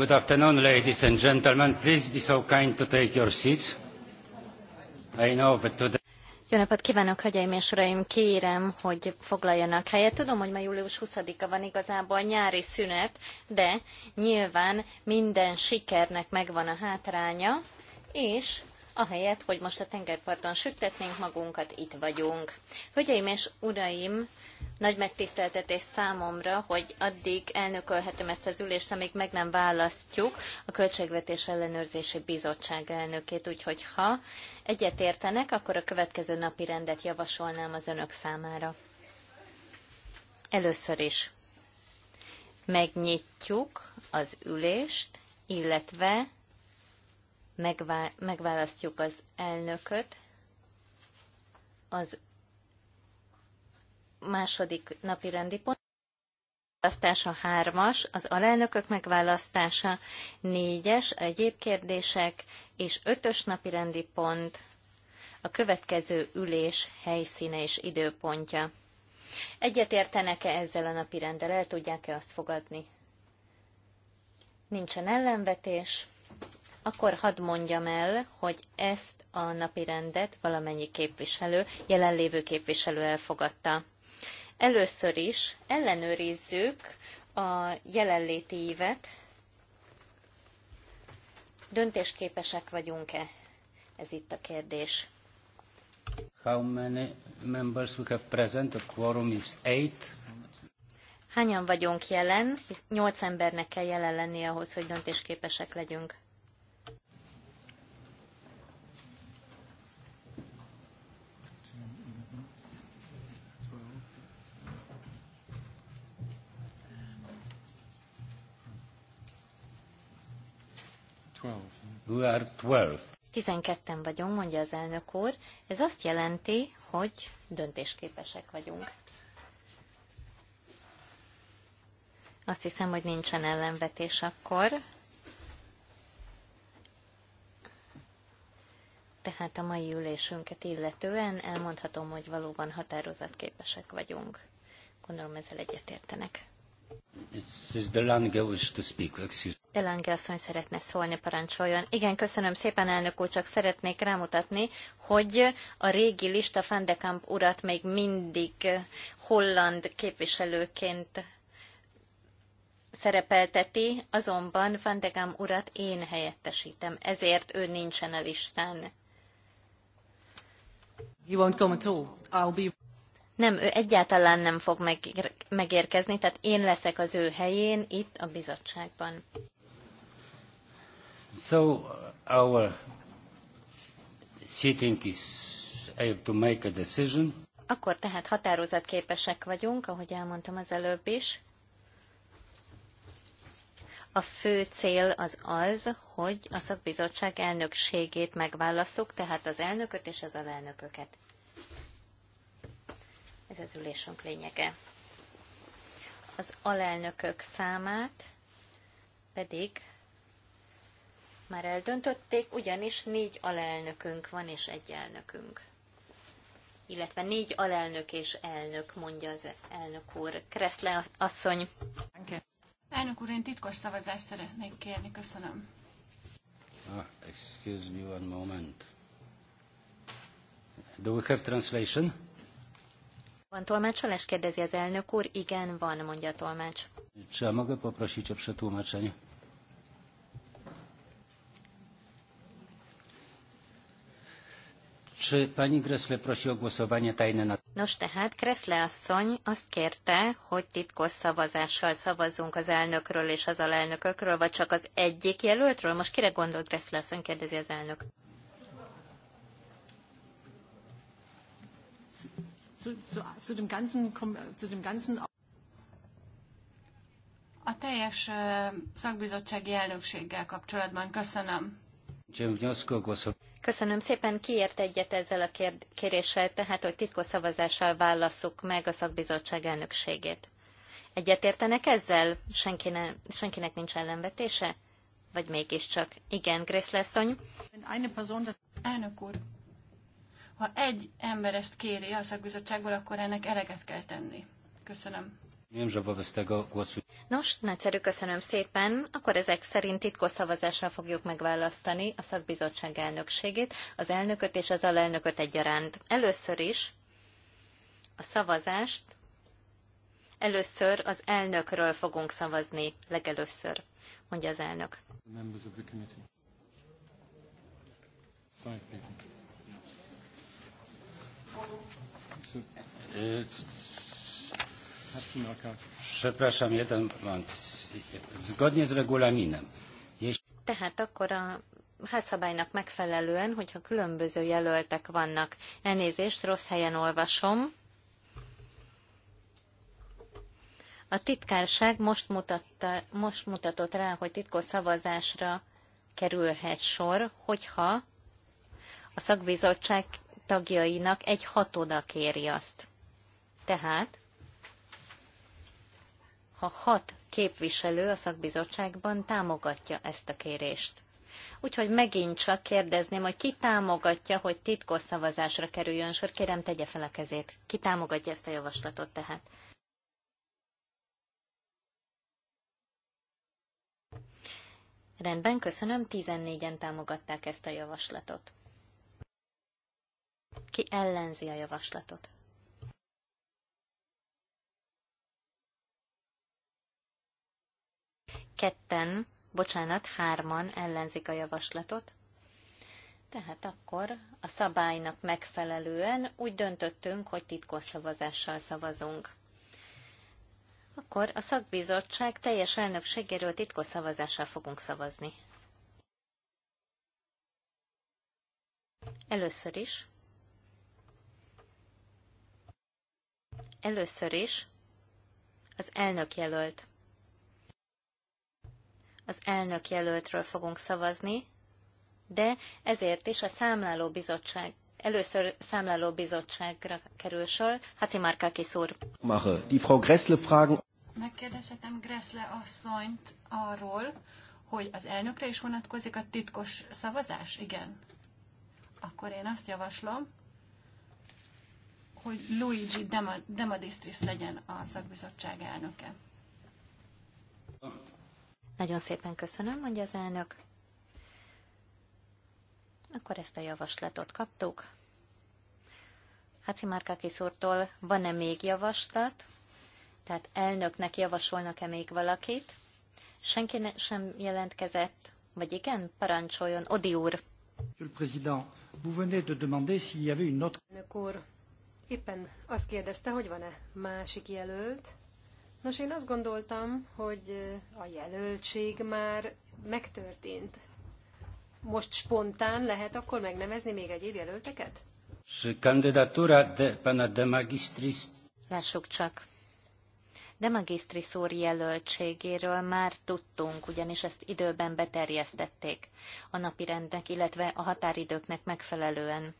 Good afternoon, ladies and gentlemen. Please be so kind to take your seats. I know that today... Jó napot kívánok, hölgyeim és uraim! Kérem, hogy foglaljanak helyet. Tudom, hogy ma július 20-a van igazából nyári szünet, de nyilván minden sikernek megvan a hátránya, és ahelyett, hogy most a tengerparton süttetnénk magunkat, itt vagyunk. Hölgyeim és uraim, Nagy megtiszteltetés számomra, hogy addig elnökölhetem ezt az ülést, amíg meg nem választjuk a Költségvetés Ellenőrzési Bizottság elnökét. Úgyhogy ha egyetértenek, akkor a következő napi rendet javasolnám az önök számára. Először is megnyitjuk az ülést, illetve megvá- megválasztjuk az elnököt, az második napi rendi pont. Választása hármas, az alelnökök megválasztása négyes, egyéb kérdések, és ötös napi rendi pont a következő ülés helyszíne és időpontja. Egyetértenek-e ezzel a napi rendel? El tudják-e azt fogadni? Nincsen ellenvetés. Akkor hadd mondjam el, hogy ezt a napi rendet valamennyi képviselő, jelenlévő képviselő elfogadta. Először is ellenőrizzük a jelenléti évet, döntésképesek vagyunk-e? Ez itt a kérdés. How many members we have present? The quorum is eight. Hányan vagyunk jelen? Nyolc embernek kell jelen lenni ahhoz, hogy döntésképesek legyünk. Tizenketten vagyunk, mondja az elnök úr. Ez azt jelenti, hogy döntésképesek vagyunk. Azt hiszem, hogy nincsen ellenvetés akkor. Tehát a mai ülésünket illetően elmondhatom, hogy valóban határozatképesek vagyunk. Gondolom ezzel egyetértenek. De asszony szeretne szólni, parancsoljon. Igen, köszönöm szépen, elnök úr, csak szeretnék rámutatni, hogy a régi lista Fendekamp urat még mindig eh, holland képviselőként szerepelteti, azonban Fendekamp urat én helyettesítem, ezért ő nincsen a listán. He won't come at all. I'll be... Nem, ő egyáltalán nem fog megér- megérkezni, tehát én leszek az ő helyén itt a bizottságban. So our sitting is able to make a decision. Akkor tehát határozatképesek vagyunk, ahogy elmondtam az előbb is. A fő cél az az, hogy a szakbizottság elnökségét megválaszok, tehát az elnököt és az alelnököket. Ez az ülésünk lényege. Az alelnökök számát pedig már eldöntötték, ugyanis négy alelnökünk van és egy elnökünk. Illetve négy alelnök és elnök, mondja az elnök úr. Kreszle asszony. Elnök úr, én titkos szavazást szeretnék kérni. Köszönöm. Ah, excuse me one moment. Do we have translation? Van tolmácsolás? Kérdezi az elnök úr. Igen, van, mondja a tolmács. Czy ja mogę poprosić o przetłumaczenie? Czy pani Gressle prosi o głosowanie tajne na... Nos tehát Kreszle asszony azt kérte, hogy titkos szavazással szavazzunk az elnökről és az alelnökökről, vagy csak az egyik jelöltről? Most kire gondolt Kreszle asszony, kérdezi az elnök zu, zu, zu dem ganzen, zu dem ganzen a teljes szakbizottsági elnökséggel kapcsolatban köszönöm. Köszönöm szépen, kiért egyet ezzel a kéréssel, tehát hogy titkos szavazással válasszuk meg a szakbizottság elnökségét. Egyetértenek ezzel? Senki ne, senkinek nincs ellenvetése? Vagy mégiscsak? Igen, Lesszony. Elnök úr, Ha egy ember ezt kéri a szakbizottságból, akkor ennek eleget kell tenni. Köszönöm. Nos, nagyszerű, köszönöm szépen. Akkor ezek szerint titkos szavazással fogjuk megválasztani a szakbizottság elnökségét, az elnököt és az alelnököt egyaránt. Először is a szavazást először az elnökről fogunk szavazni, legelőször, mondja az elnök. Przepraszam, jeden moment. Zgodnie z regulaminem. Tehát akkor a házszabálynak megfelelően, hogyha különböző jelöltek vannak, elnézést, rossz helyen olvasom. A titkárság most, mutatta, most mutatott rá, hogy titkos szavazásra kerülhet sor, hogyha a szakbizottság tagjainak egy hatoda kéri azt. Tehát, ha hat képviselő a szakbizottságban támogatja ezt a kérést. Úgyhogy megint csak kérdezném, hogy ki támogatja, hogy titkos szavazásra kerüljön sor. Kérem, tegye fel a kezét. Ki támogatja ezt a javaslatot tehát? Rendben, köszönöm. 14-en támogatták ezt a javaslatot. Ki ellenzi a javaslatot? Ketten, bocsánat, hárman ellenzik a javaslatot. Tehát akkor a szabálynak megfelelően úgy döntöttünk, hogy titkos szavazással szavazunk. Akkor a szakbizottság teljes elnökségéről titkos szavazással fogunk szavazni. Először is Először is az elnök jelölt. Az elnök jelöltről fogunk szavazni, de ezért is a számláló bizottság Először számláló bizottságra kerül sor. Haci Márkákis úr. Mache. Die Frau Gressle fragen. Megkérdezhetem Gressle asszonyt arról, hogy az elnökre is vonatkozik a titkos szavazás? Igen. Akkor én azt javaslom, hogy Luigi Demadistris legyen a szakbizottság elnöke. Nagyon szépen köszönöm, mondja az elnök. Akkor ezt a javaslatot kaptuk. Hacimárkákis úrtól van-e még javaslat? Tehát elnöknek javasolnak-e még valakit? Senki ne, sem jelentkezett, vagy igen? Parancsoljon, Odi úr! Monsieur le Président, vous venez de demander s'il y avait une autre... Elnök úr, Éppen azt kérdezte, hogy van-e másik jelölt. Nos, én azt gondoltam, hogy a jelöltség már megtörtént. Most spontán lehet akkor megnevezni még egyéb jelölteket? Kandidatúra de pana de magistris. Lássuk csak. De magisztris úr jelöltségéről már tudtunk, ugyanis ezt időben beterjesztették a napirendnek, illetve a határidőknek megfelelően.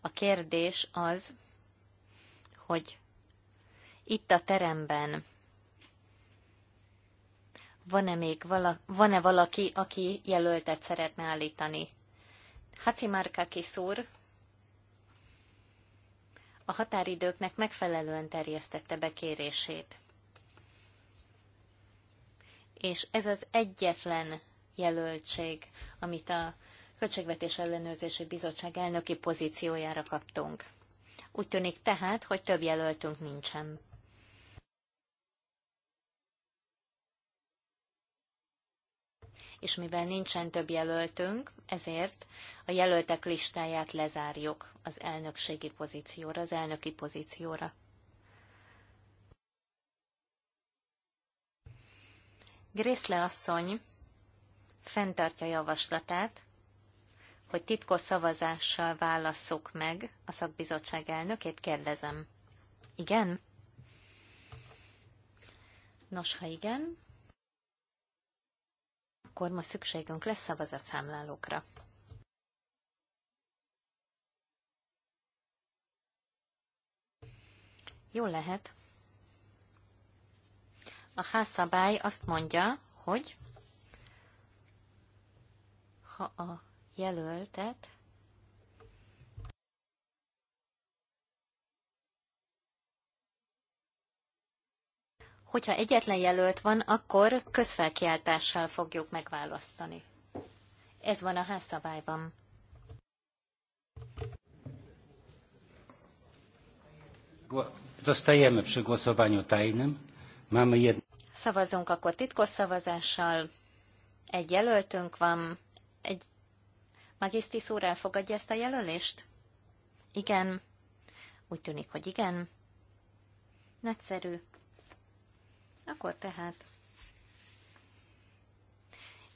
A kérdés az, hogy itt a teremben van-e még vala, van-e valaki, aki jelöltet szeretne állítani? Haci Hacimárkakis úr a határidőknek megfelelően terjesztette be kérését. És ez az egyetlen jelöltség, amit a Költségvetés Ellenőrzési Bizottság elnöki pozíciójára kaptunk. Úgy tűnik tehát, hogy több jelöltünk nincsen. És mivel nincsen több jelöltünk, ezért a jelöltek listáját lezárjuk az elnökségi pozícióra, az elnöki pozícióra. Grészle asszony fenntartja javaslatát, hogy titkos szavazással válasszuk meg a szakbizottság elnökét? Kérdezem. Igen? Nos, ha igen, akkor most szükségünk lesz szavazatszámlálókra. Jó lehet. A házszabály azt mondja, hogy ha a jelöltet. Hogyha egyetlen jelölt van, akkor közfelkiáltással fogjuk megválasztani. Ez van a házszabályban. Zostajemy przy głosowaniu tajnym. Mamy jedno... Szavazunk akkor titkos szavazással. Egy jelöltünk van, egy Magisztis úr elfogadja ezt a jelölést? Igen. Úgy tűnik, hogy igen. Nagyszerű. Akkor tehát.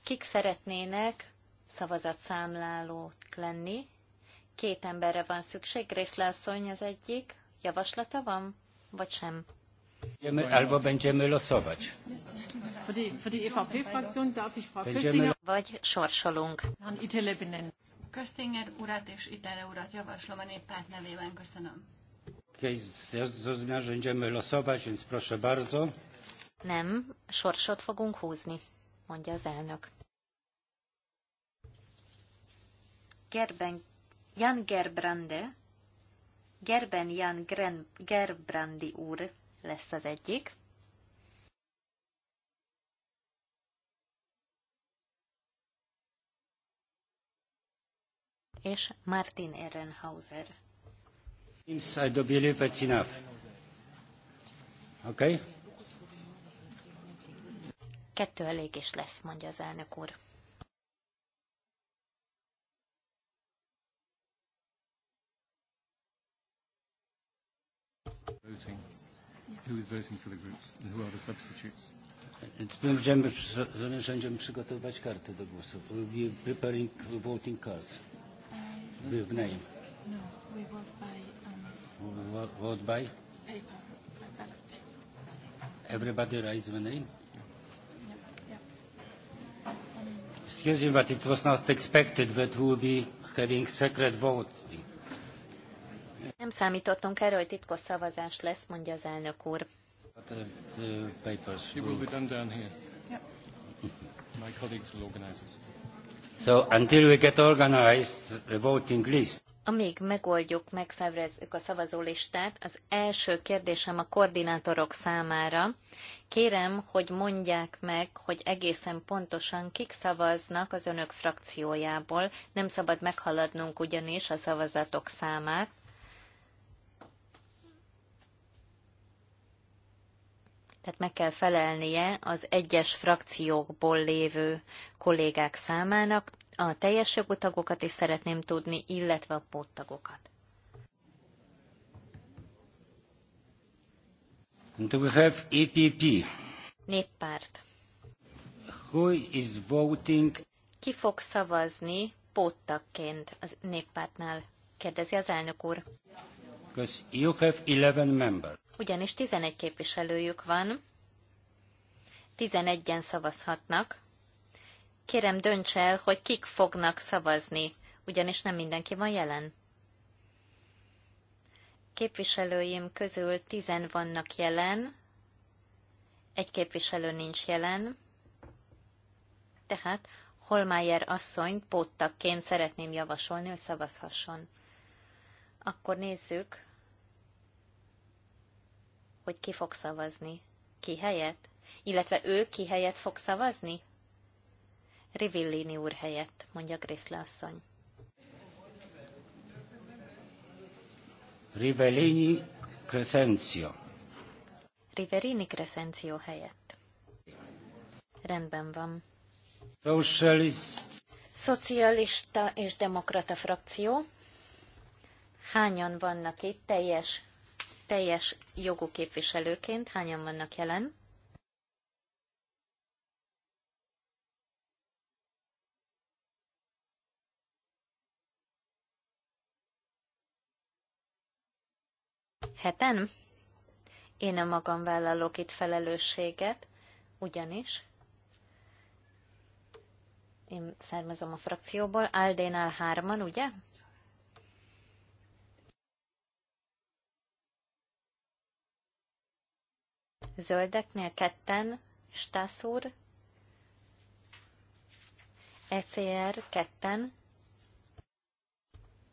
Kik szeretnének szavazatszámlálók lenni? Két emberre van szükség, Grészle asszony az egyik. Javaslata van, vagy sem? albo będziemy losować. Für die, e vagy sorsolunk. Köstinger urat és Itele urat javaslom a néppárt nevében. Köszönöm. Nem, sorsot fogunk húzni, mondja az elnök. Gerben, Jan Gerbrande, Gerben Jan Gerbrandi úr lesz az egyik. És Martin Ehrenhauser. I do believe it's enough. Okay? Kettő elég is lesz, mondja az elnök úr. Thank you who is voting for the groups and who are the substitutes. Będziemy z narzędziem przygotowywać karty do głosu. We'll be preparing voting cards. Uh, um, With name. No, we vote by... Um, we vote by? Paper. By ballot paper. Everybody writes the name? Um, Excuse me, but it was not expected that we will be having secret voting. Nem számítottunk erre, hogy titkos szavazás lesz, mondja az elnök úr. Uh, so until we get organized the voting list. Amíg megoldjuk, megszervezzük a szavazólistát, az első kérdésem a koordinátorok számára. Kérem, hogy mondják meg, hogy egészen pontosan kik szavaznak az önök frakciójából. Nem szabad meghaladnunk ugyanis a szavazatok számát. tehát meg kell felelnie az egyes frakciókból lévő kollégák számának, a teljes jogú tagokat is szeretném tudni, illetve a póttagokat. Do we have EPP? Néppárt. Who is voting? Ki fog szavazni póttagként az néppártnál? Kérdezi az elnök úr. Because you have 11 members ugyanis 11 képviselőjük van, 11-en szavazhatnak. Kérem, dönts el, hogy kik fognak szavazni, ugyanis nem mindenki van jelen. Képviselőim közül 10 vannak jelen, egy képviselő nincs jelen, tehát Holmájer asszonyt póttakként szeretném javasolni, hogy szavazhasson. Akkor nézzük, hogy ki fog szavazni. Ki helyett? Illetve ő ki helyett fog szavazni? Rivillini úr helyett, mondja Griszle asszony. Rivellini Crescenzio. Riverini Crescenzio helyett. Rendben van. Socialist. Szocialista és demokrata frakció. Hányan vannak itt? Teljes teljes jogú képviselőként hányan vannak jelen? Heten? Én a magam vállalok itt felelősséget, ugyanis én származom a frakcióból, Aldénál hárman, ugye? zöldeknél ketten, Stasur, ECR ketten,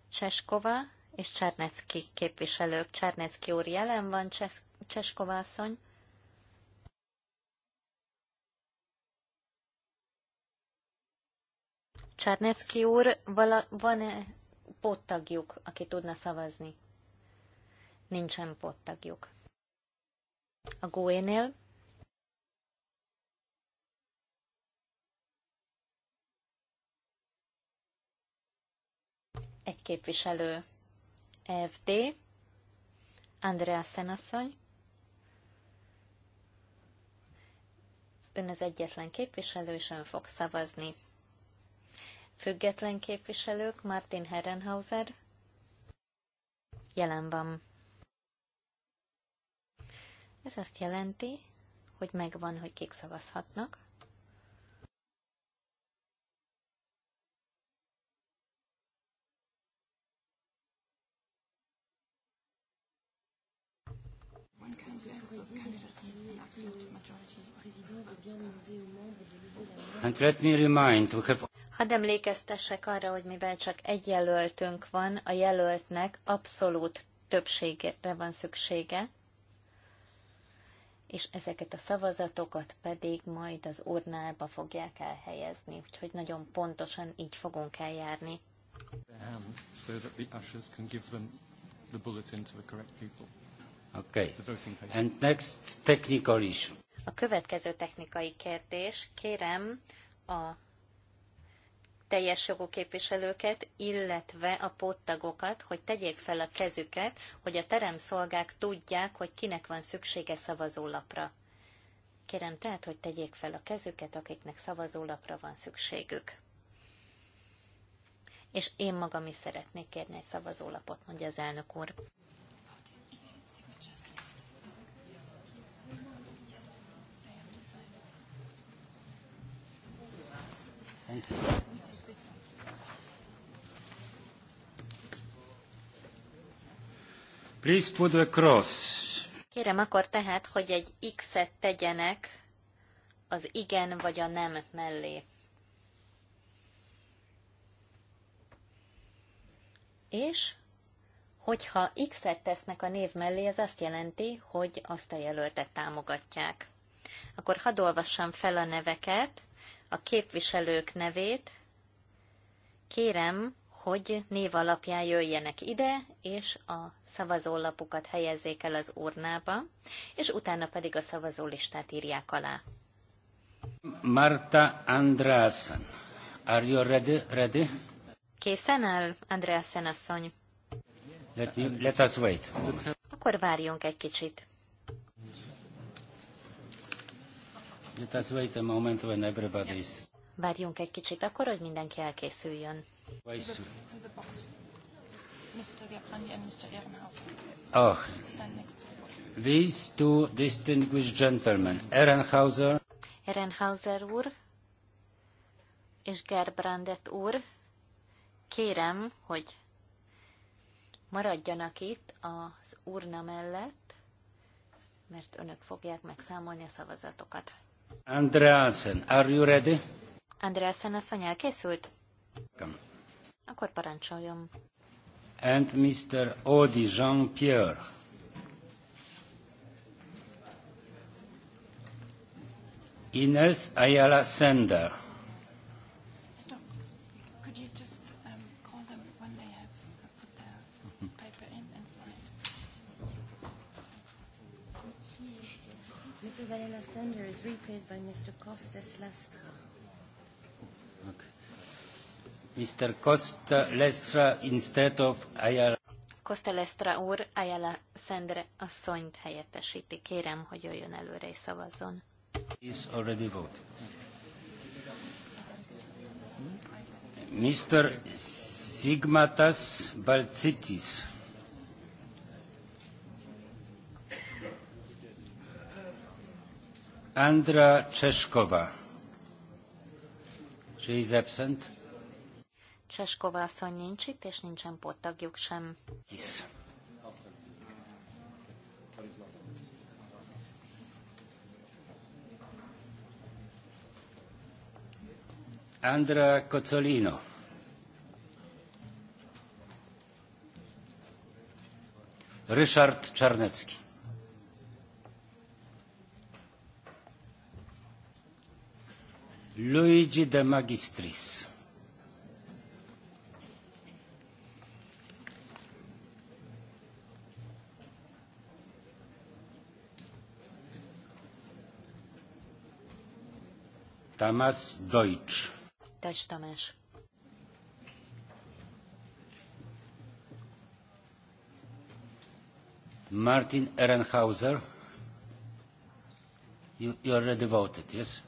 Cseskova és Csernecki képviselők. Csernecki úr jelen van, Cseskova asszony. Csernecki úr, vala, van-e pottagjuk, aki tudna szavazni? Nincsen pottagjuk a Góénél. Egy képviselő FD, Andrea Szenasszony. Ön az egyetlen képviselő, és ön fog szavazni. Független képviselők, Martin Herrenhauser. Jelen van. Ez azt jelenti, hogy megvan, hogy kik szavazhatnak. And let me remind, we have... Hadd emlékeztessek arra, hogy mivel csak egy jelöltünk van, a jelöltnek abszolút többségre van szüksége, és ezeket a szavazatokat pedig majd az urnába fogják elhelyezni, úgyhogy nagyon pontosan így fogunk eljárni. Um, okay. A következő technikai kérdés, kérem a teljes jogú képviselőket, illetve a póttagokat, hogy tegyék fel a kezüket, hogy a teremszolgák tudják, hogy kinek van szüksége szavazólapra. Kérem tehát, hogy tegyék fel a kezüket, akiknek szavazólapra van szükségük. És én magam is szeretnék kérni egy szavazólapot, mondja az elnök úr. Thank you. Please put a cross. Kérem akkor tehát, hogy egy X-et tegyenek az igen vagy a nem mellé. És hogyha X-et tesznek a név mellé, ez azt jelenti, hogy azt a jelöltet támogatják. Akkor hadd olvassam fel a neveket, a képviselők nevét. Kérem, hogy név alapján jöjjenek ide, és a szavazólapukat helyezzék el az urnába, és utána pedig a szavazólistát írják alá. Marta Andrásen, are you ready? ready? Készen áll, Andrásen asszony? Let, me, let us wait. Akkor várjunk egy kicsit. Let us wait a moment when everybody is... Várjunk egy kicsit akkor, hogy mindenki elkészüljön. Oh. These two distinguished gentlemen, Ehrenhauser, Ehrenhauser úr és Gerbrandet úr, kérem, hogy maradjanak itt az urna mellett, mert önök fogják megszámolni a szavazatokat. Andreasen, are you ready? Andreasen asszony elkészült? Come. Akkor parancsoljon. And Mr. Audi Jean-Pierre. Ines Ayala Sender. Stop. Could you just um, call them when they have uh, put their mhm. paper in and signed? Mrs. Ayala Sender is replaced by Mr. Costas Lastra. Mr. Costa Lestra instead of Ayala. Costa Lestra úr Ayala Szendre asszonyt helyettesíti. Kérem, hogy jöjjön előre és szavazzon. Is already voted. Mr. Sigmatas Balcitis. Andra Czeszkowa. She is absent. Cseskova asszony nincs itt, és nincsen pottagjuk sem. Yes. Andrea Cozzolino. Ryszard Czarnecki. Luigi de Magistris. Tamás Deutsch. Deutsch Tamás. Martin Ehrenhauser. You, you already voted, yes?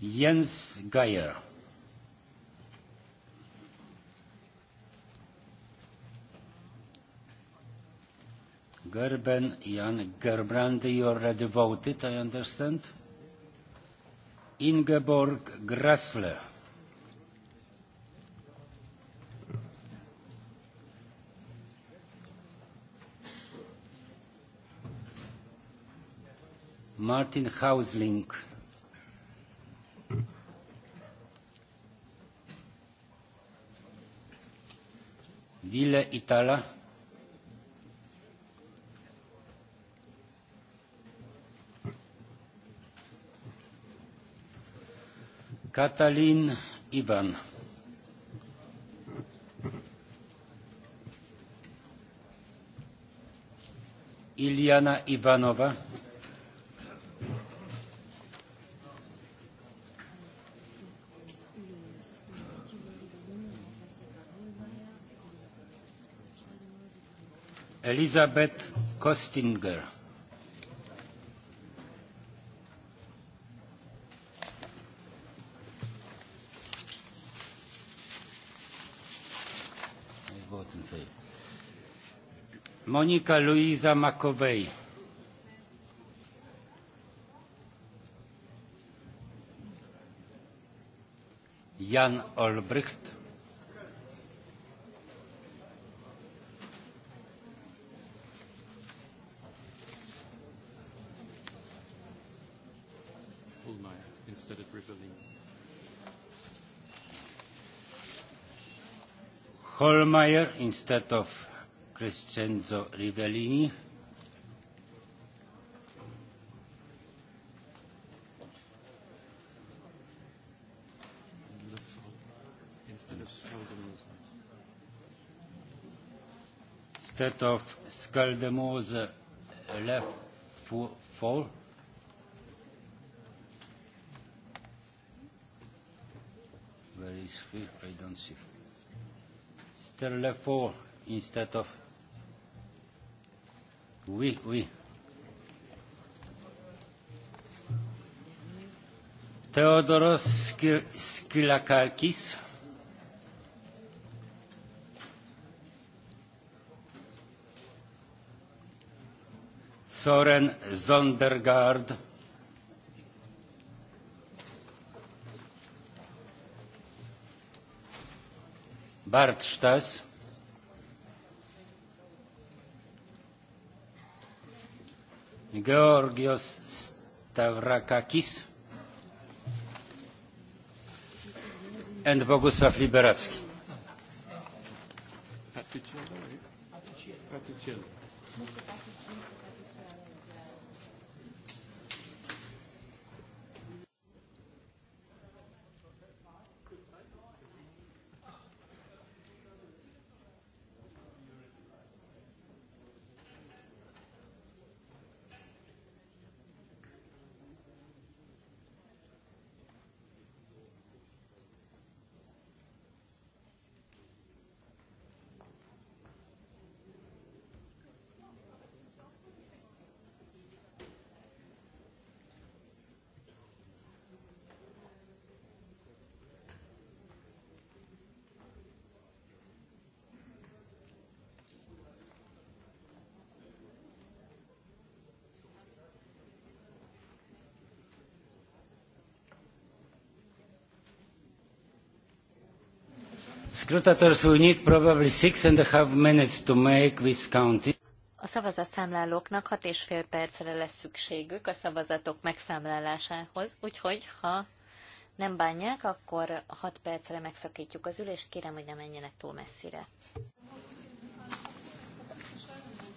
Jens Geier. Gerben Jan Gerbrand, you already voted, I understand. Ingeborg Grassle. Martin Hausling. Ville Itala. Katalin Ivan. Iliana Ivanova. Elizabeth Kostinger. Monika Luisa Makovej. Jan Olbricht. instead of Rivellini. Holmeyer instead of Crescenzo Rivellini. Instead of Skaldemose left four. Where is he? I don't see. Sterle four instead of Oui, oui. Theodoros Skylakakis. Soren Zondergaard. Bart Stas. Georgios Stavrakakis and Bogusław Liberacki. Patriciello. Eh? Patriciello. Scrutators, we need probably six and a half minutes to make this counting. A szavazatszámlálóknak hat és fél percre lesz szükségük a szavazatok megszámlálásához, úgyhogy ha nem bánják, akkor hat percre megszakítjuk az ülést, kérem, hogy ne menjenek túl messzire.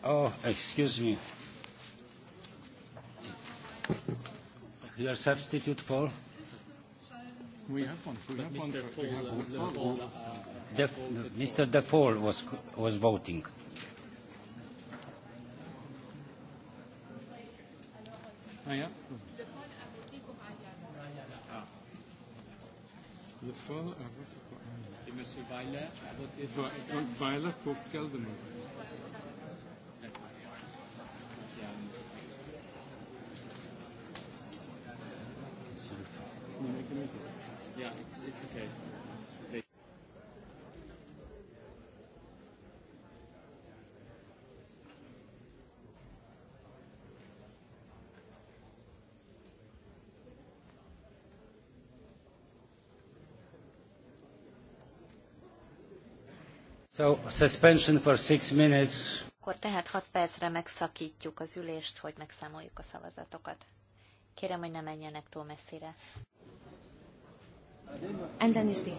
Oh, excuse me. Your substitute, Paul? We have one. We have one. Mr. Defoe was, was voting. Ah, ja. Le Foll uh, a voté pour Ayala. Et M. Weiler a voté pour Weiler pour Skeldenhausen. It's okay. So, suspension for six minutes. Akkor tehát hat percre megszakítjuk az ülést, hogy megszámoljuk a szavazatokat. Kérem, hogy ne menjenek túl messzire. And then you speak.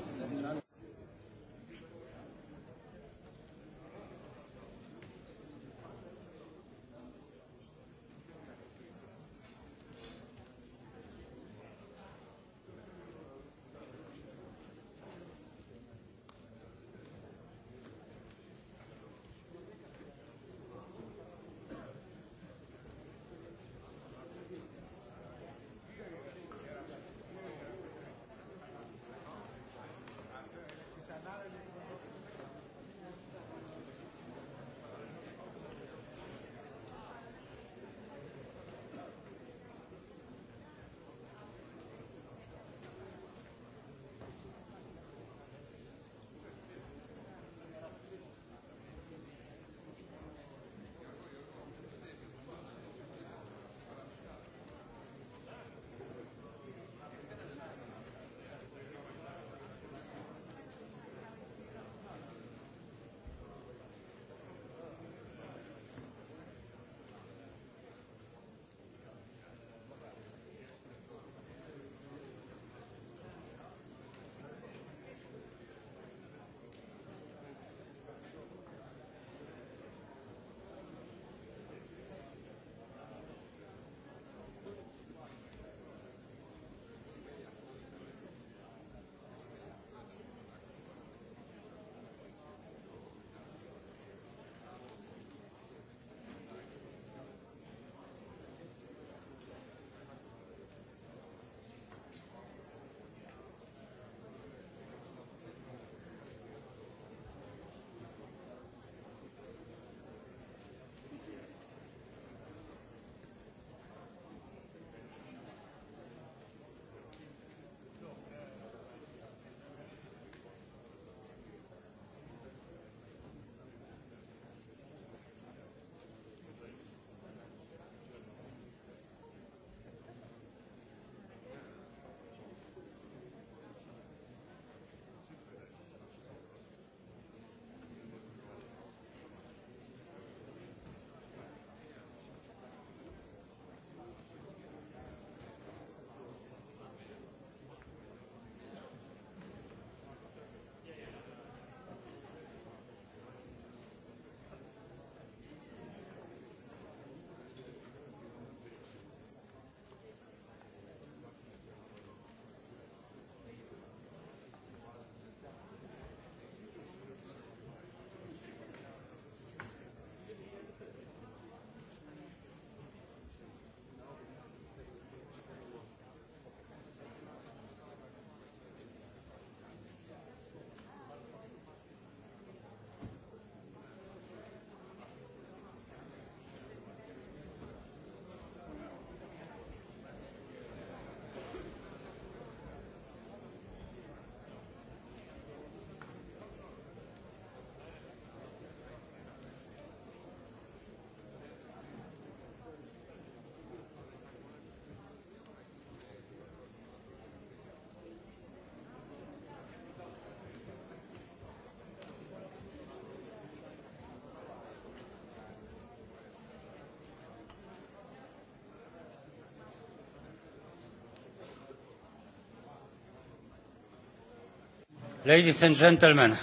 Ladies and gentlemen,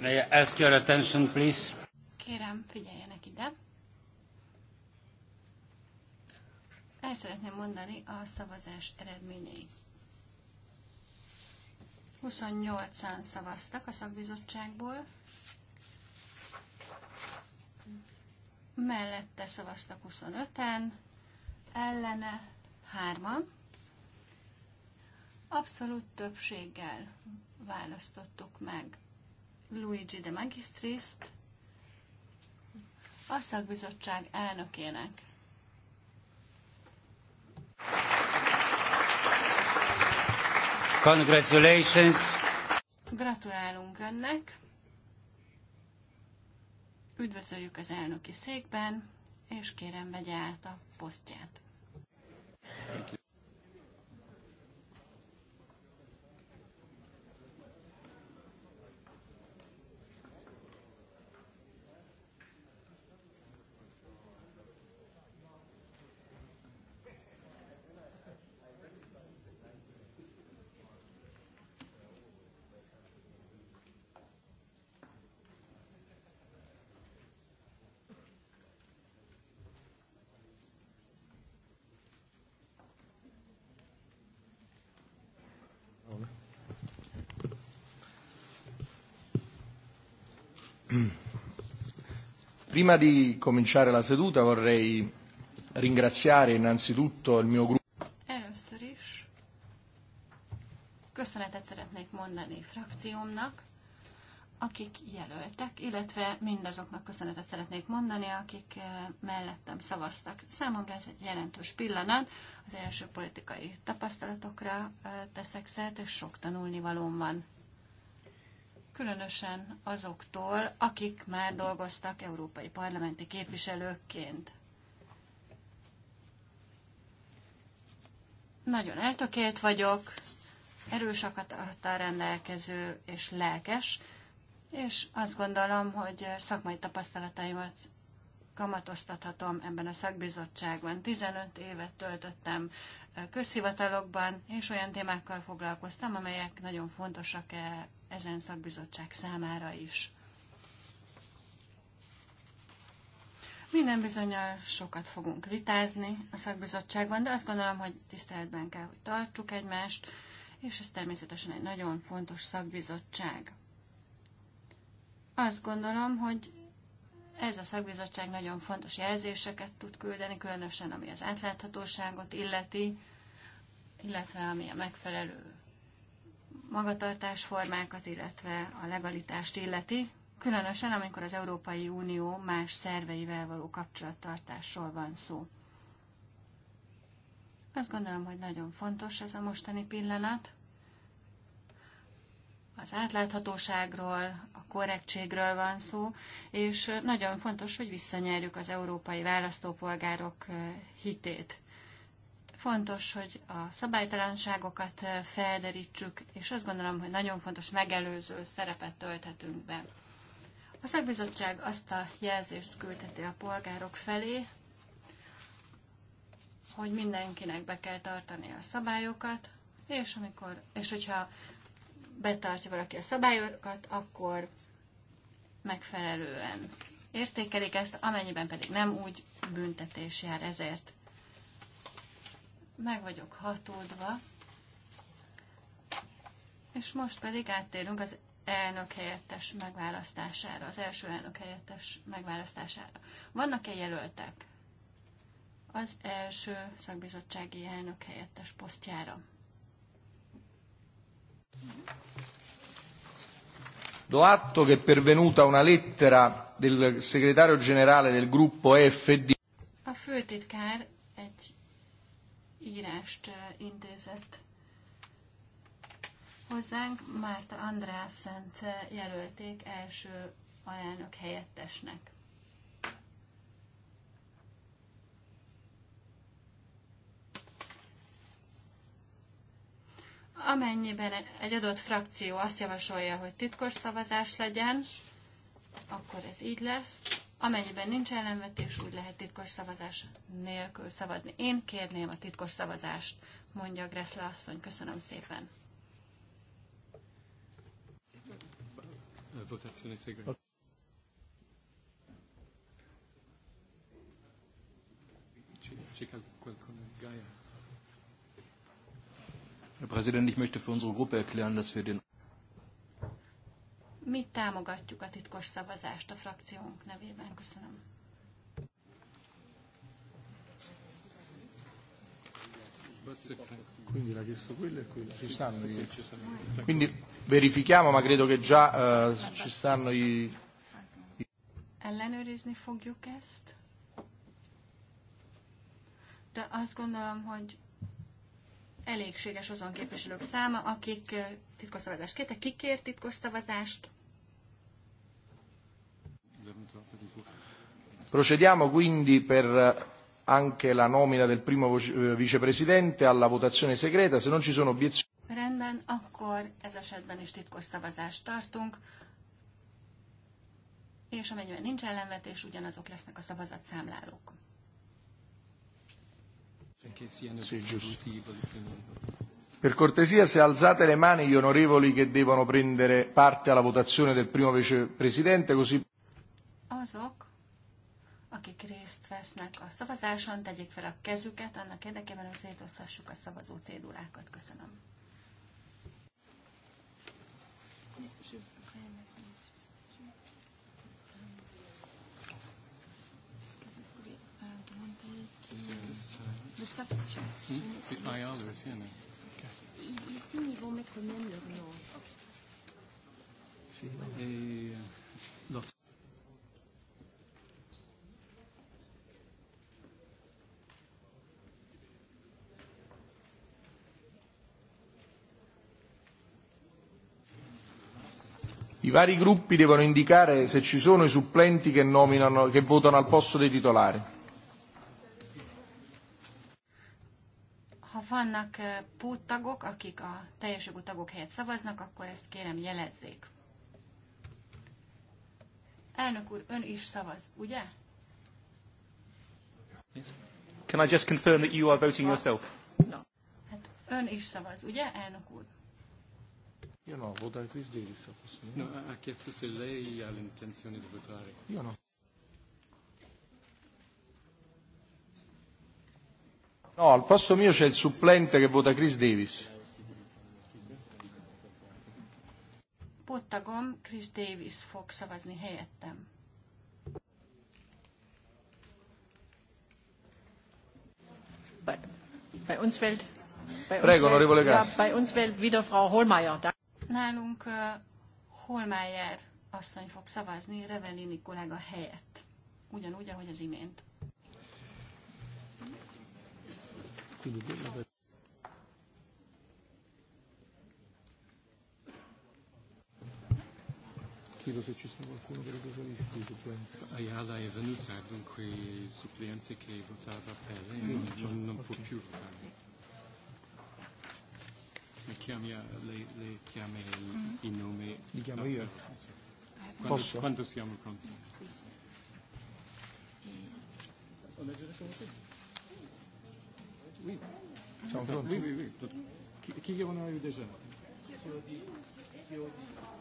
may I ask your attention, please? Kérem, figyeljenek ide. El szeretném mondani a szavazás eredményeit. 28-an szavaztak a szakbizottságból, mellette szavaztak 25-en, ellene 3-an, abszolút többséggel választottuk meg Luigi de Magistriszt a szakbizottság elnökének. Congratulations! Gratulálunk önnek! Üdvözöljük az elnöki székben, és kérem vegye át a posztját. Thank you. Mm. Prima di cominciare la seduta vorrei ringraziare innanzitutto il mio gruppo. Először is köszönetet szeretnék mondani frakciómnak, akik jelöltek, illetve mindazoknak köszönetet szeretnék mondani, akik eh, mellettem szavaztak. Számomra ez egy jelentős pillanat, az első politikai tapasztalatokra eh, teszek szert, és sok tanulnivalóm van különösen azoktól, akik már dolgoztak európai parlamenti képviselőkként. Nagyon eltökélt vagyok, erős akarattal rendelkező és lelkes, és azt gondolom, hogy szakmai tapasztalataimat kamatoztathatom ebben a szakbizottságban. 15 évet töltöttem eh, közhivatalokban, és olyan témákkal foglalkoztam, amelyek nagyon fontosak -e ezen szakbizottság számára is. Minden bizonyal sokat fogunk vitázni a szakbizottságban, de azt gondolom, hogy tiszteletben kell, hogy tartsuk egymást, és ez természetesen egy nagyon fontos szakbizottság. Azt gondolom, hogy ez a szakbizottság nagyon fontos jelzéseket tud küldeni, különösen ami az átláthatóságot illeti, illetve ami a megfelelő magatartásformákat, illetve a legalitást illeti, különösen amikor az Európai Unió más szerveivel való kapcsolattartásról van szó. Azt gondolom, hogy nagyon fontos ez a mostani pillanat. Az átláthatóságról, a korrektségről van szó, és nagyon fontos, hogy visszanyerjük az európai választópolgárok eh, hitét. Fontos, hogy a szabálytalanságokat eh, felderítsük, és azt gondolom, hogy nagyon fontos megelőző szerepet tölthetünk be. A szakbizottság azt a jelzést küldheti a polgárok felé, hogy mindenkinek be kell tartani a szabályokat, és, amikor, és hogyha betartja valaki a szabályokat, akkor megfelelően értékelik ezt, amennyiben pedig nem úgy büntetés jár ezért meg vagyok hatódva, és most pedig áttérünk az elnök helyettes megválasztására, az első elnök helyettes megválasztására. Vannak-e jelöltek az első szakbizottsági elnök helyettes posztjára? Do atto che è pervenuta una lettera del segretario generale del gruppo FD. A főtitkár egy írást intézett hozzánk. Márta Andrászent jelölték első alelnök helyettesnek. Amennyiben egy adott frakció azt javasolja, hogy titkos szavazás legyen, akkor ez így lesz. Amennyiben nincs ellenvetés, úgy lehet titkos szavazás nélkül szavazni. Én kérném a titkos szavazást, mondja Greszle asszony. Köszönöm szépen. Herr Präsident, ich möchte für unsere Gruppe erklären, dass wir den mi támogatjuk a titkos szavazást a frakciónk nevében. Köszönöm. Quindi e verifichiamo, ma credo che già uh, ci stanno i... Ellenőrizni fogjuk ezt. De azt gondolom, hogy elégséges azon képviselők száma, akik eh, titkos szavazást kértek. kikért titkos szavazást? Procediamo quindi per eh, anche la nomina del primo eh, vicepresidente alla votazione segreta, se non ci sono obiezioni. Rendben, akkor ez esetben is titkos szavazást tartunk, és amennyiben nincs ellenvetés, ugyanazok lesznek a szavazatszámlálók. Per cortesia, se alzate le mani gli onorevoli che devono prendere parte alla votazione del primo vicepresidente, così azok, akik részt vesznek a szavazáson, tegyék fel a kezüket, annak érdekében, hogy szétoztassuk a szavazó cédulákat. Köszönöm. Ici, ils vont mettre même leur nom. Si, on I vari gruppi devono indicare se ci sono i supplenti che, nominano, che votano al posto dei titolari. Ha vannak eh, póttagok, akik a teljes tagok helyett szavaznak, akkor ezt kérem jelezzék. Elnök úr, ön is szavaz, ugye? Can I just confirm that you are voting yourself? No. Hát ön is szavaz, ugye, elnök úr? Io no, ho se Isderis. No, ha chiesto se lei ha l'intenzione di votare. Io no. No, al posto mio c'è il supplente che vota Chris Davis. Puttagom Chris Davis Fox Avasni helyettem. Bei, bei uns fällt bei uns Prego, wählt, ja, bei uns wählt wieder Frau Holmeier. Nálunk Holmájer asszony fog szavazni Revelini kollega helyett. Ugyanúgy, ahogy az imént. chiedo se ci sta qualcuno delle due liste di Ayala è venuta, dunque supplenze che votava per lei non, non può più votare chiami, le, le chiami mm-hmm. i nomi. Li chiamo no, io? Eh, quando, Posso? Quando siamo pronti? Sì, sì. On a déjà commencé Oui. Siamo pronti? Oui, oui, oui. Chi, chi on a eu déjà Monsieur Audi. Monsieur Audi.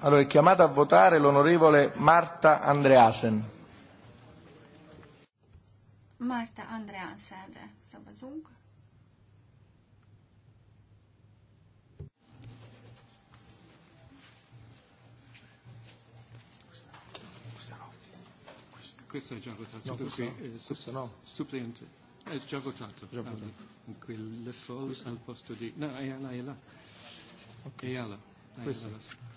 Allora è chiamata a votare l'onorevole Marta Andreasen. Marta Andreasen, Sabazung. Questo no. è già votato, no, questo, no. perché, eh, questo no. Suppliente. È già votato. Già votato. Allora, Ah, le false al posto di... No, è là, è là. Okay. È là. Questo. È là.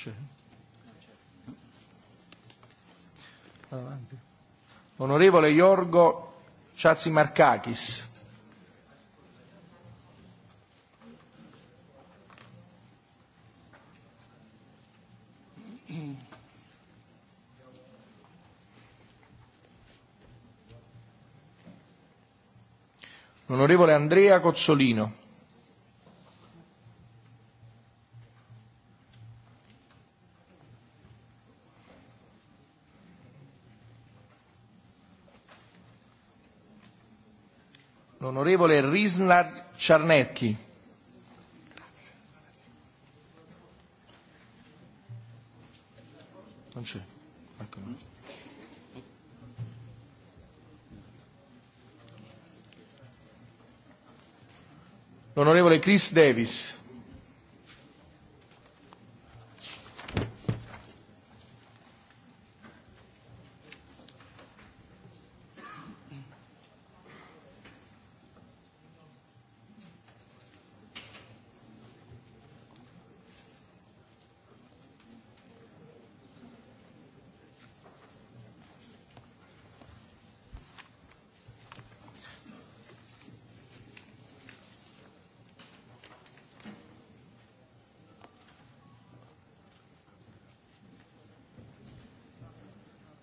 Čechy. Avanti. Onorevole Jorgo Chatsimarkakis. L'onorevole Andrea Cozzolino. l'onorevole Risnar Czarnecki. Non c'è. Ecco. L'onorevole Chris Davis.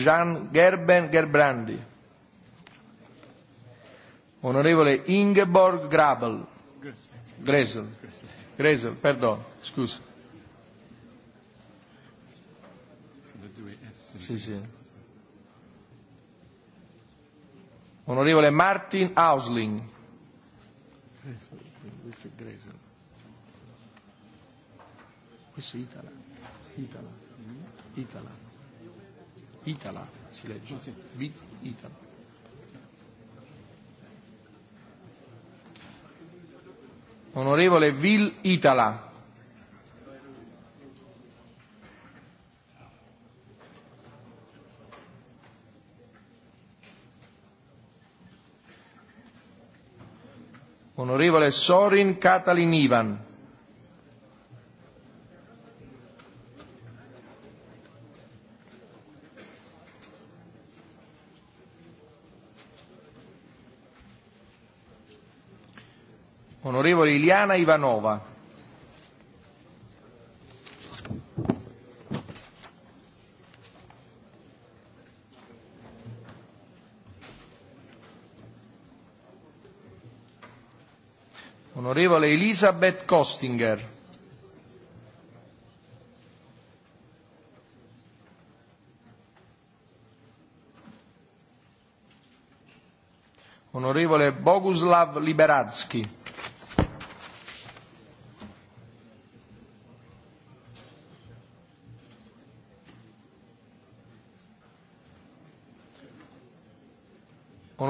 Jean Gerben Gerbrandi. Onorevole Ingeborg Grabel. Gresel. Gresel, perdon, scusa. Sì, sì. Onorevole Martin Ausling. Questo è Gresel. Italia. Italia. Itala. Itala. Itala. Itala, si legge. Bit Itala. Onorevole Vil Itala. Onorevole Sorin Katalin Ivan. Eliana Ivanova. Onorevole Elisabeth Kostinger. Onorevole Boguslav Liberadski.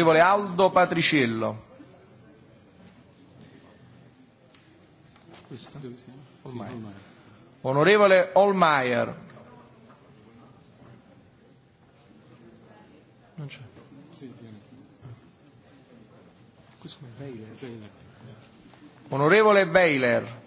Onorevole Aldo Patriciello. Onorevole Olmaier. Non c'è. Onorevole Weiler.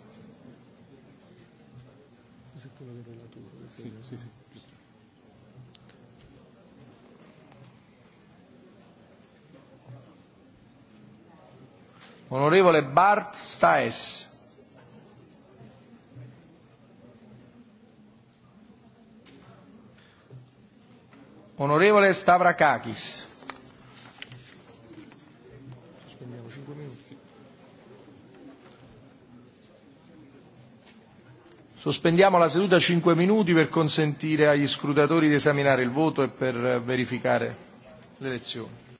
Onorevole Bart Staes. Onorevole Stavrakakis. Sospendiamo la seduta 5 minuti per consentire agli scrutatori di esaminare il voto e per verificare l'elezione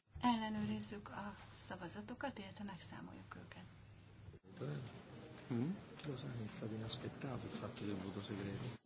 áldozatokat, illetve megszámoljuk őket. Mm? Cosa è stato inaspettato il fatto del voto segreto?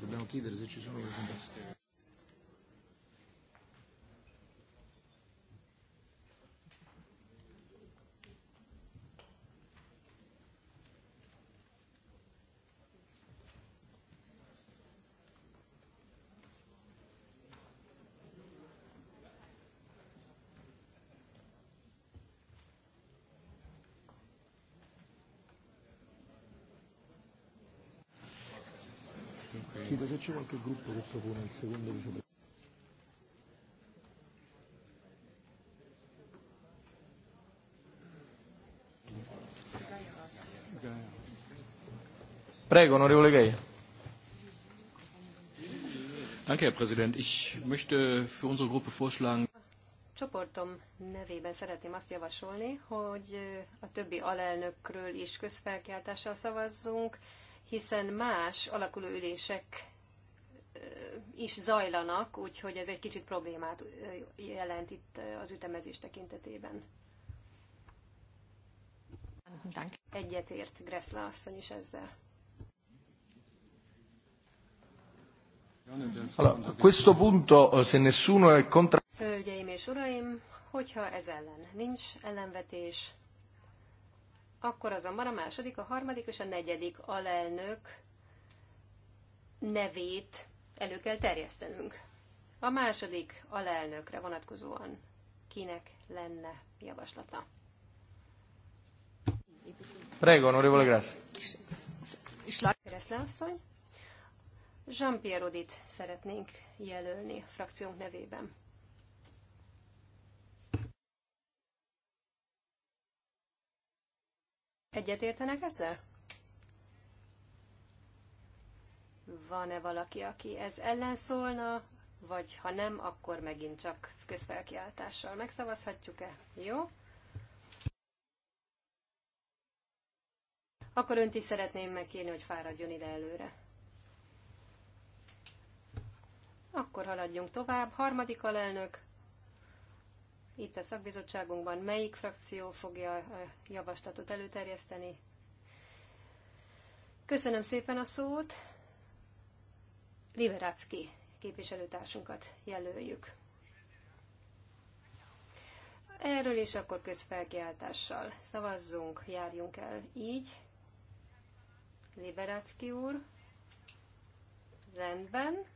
Dobbiamo chiedere se ci sono presentazioni. Dico, se c'è qualche jako gruppo che propone il secondo vicepresidente. Prego, onorevole Gaia. Danke, Herr Präsident. Ich möchte für unsere Gruppe vorschlagen. Csoportom nevében szeretném azt javasolni, hogy a többi alelnökről is közfelkeltéssel szavazzunk hiszen más alakuló ülések is zajlanak, úgyhogy ez egy kicsit problémát jelent itt az ütemezés tekintetében. Egyetért Gressla asszony is ezzel. Eh, Hölgyeim és uraim, hogyha ez ellen nincs ellenvetés, akkor azonban a második, a harmadik és a negyedik alelnök nevét elő kell terjesztenünk. A második alelnökre vonatkozóan kinek lenne javaslata? Prego, onorevole grazie. asszony. Jean-Pierre Odit szeretnénk jelölni frakciónk nevében. Egyetértenek ezzel? Van-e valaki, aki ez ellen szólna, vagy ha nem, akkor megint csak közfelkiáltással megszavazhatjuk-e? Jó? Akkor önt is szeretném megkérni, hogy fáradjon ide előre. Akkor haladjunk tovább. Harmadik alelnök, itt a szakbizottságunkban melyik frakció fogja a javaslatot előterjeszteni. Köszönöm szépen a szót. Liberácki képviselőtársunkat jelöljük. Erről is akkor közfelkiáltással szavazzunk, járjunk el így. Liberácki úr. Rendben.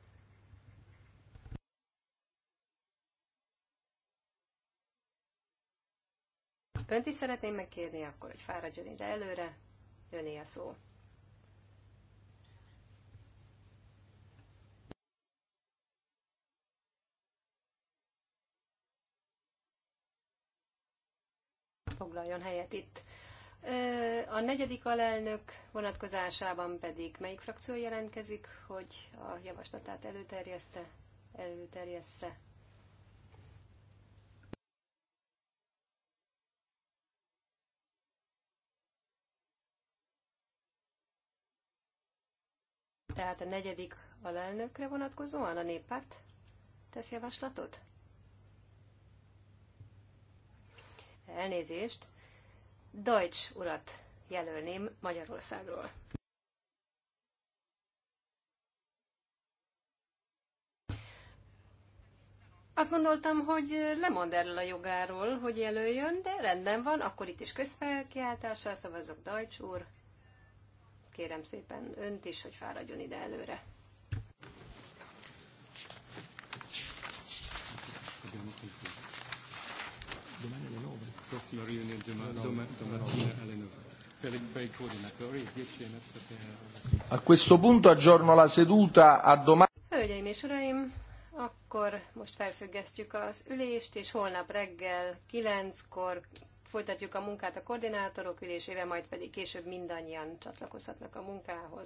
Önt is szeretném megkérni, akkor hogy fáradjon ide előre, jönné a szó. Foglaljon helyet itt. A negyedik alelnök vonatkozásában pedig melyik frakció jelentkezik, hogy a javaslatát előterjeszte? Előterjeszte. tehát a negyedik alelnökre vonatkozóan a néppárt tesz javaslatot? Elnézést. Deutsch urat jelölném Magyarországról. Azt gondoltam, hogy lemond erről a jogáról, hogy jelöljön, de rendben van, akkor itt is közfelkiáltással szavazok Dajcs úr kérem szépen önt is, hogy fáradjon ide előre. A questo punto aggiorno la seduta a domani. Hölgyeim és uraim, akkor most felfüggesztjük az ülést, és holnap reggel 9-kor Folytatjuk a munkát a koordinátorok ülésével, majd pedig később mindannyian csatlakozhatnak a munkához.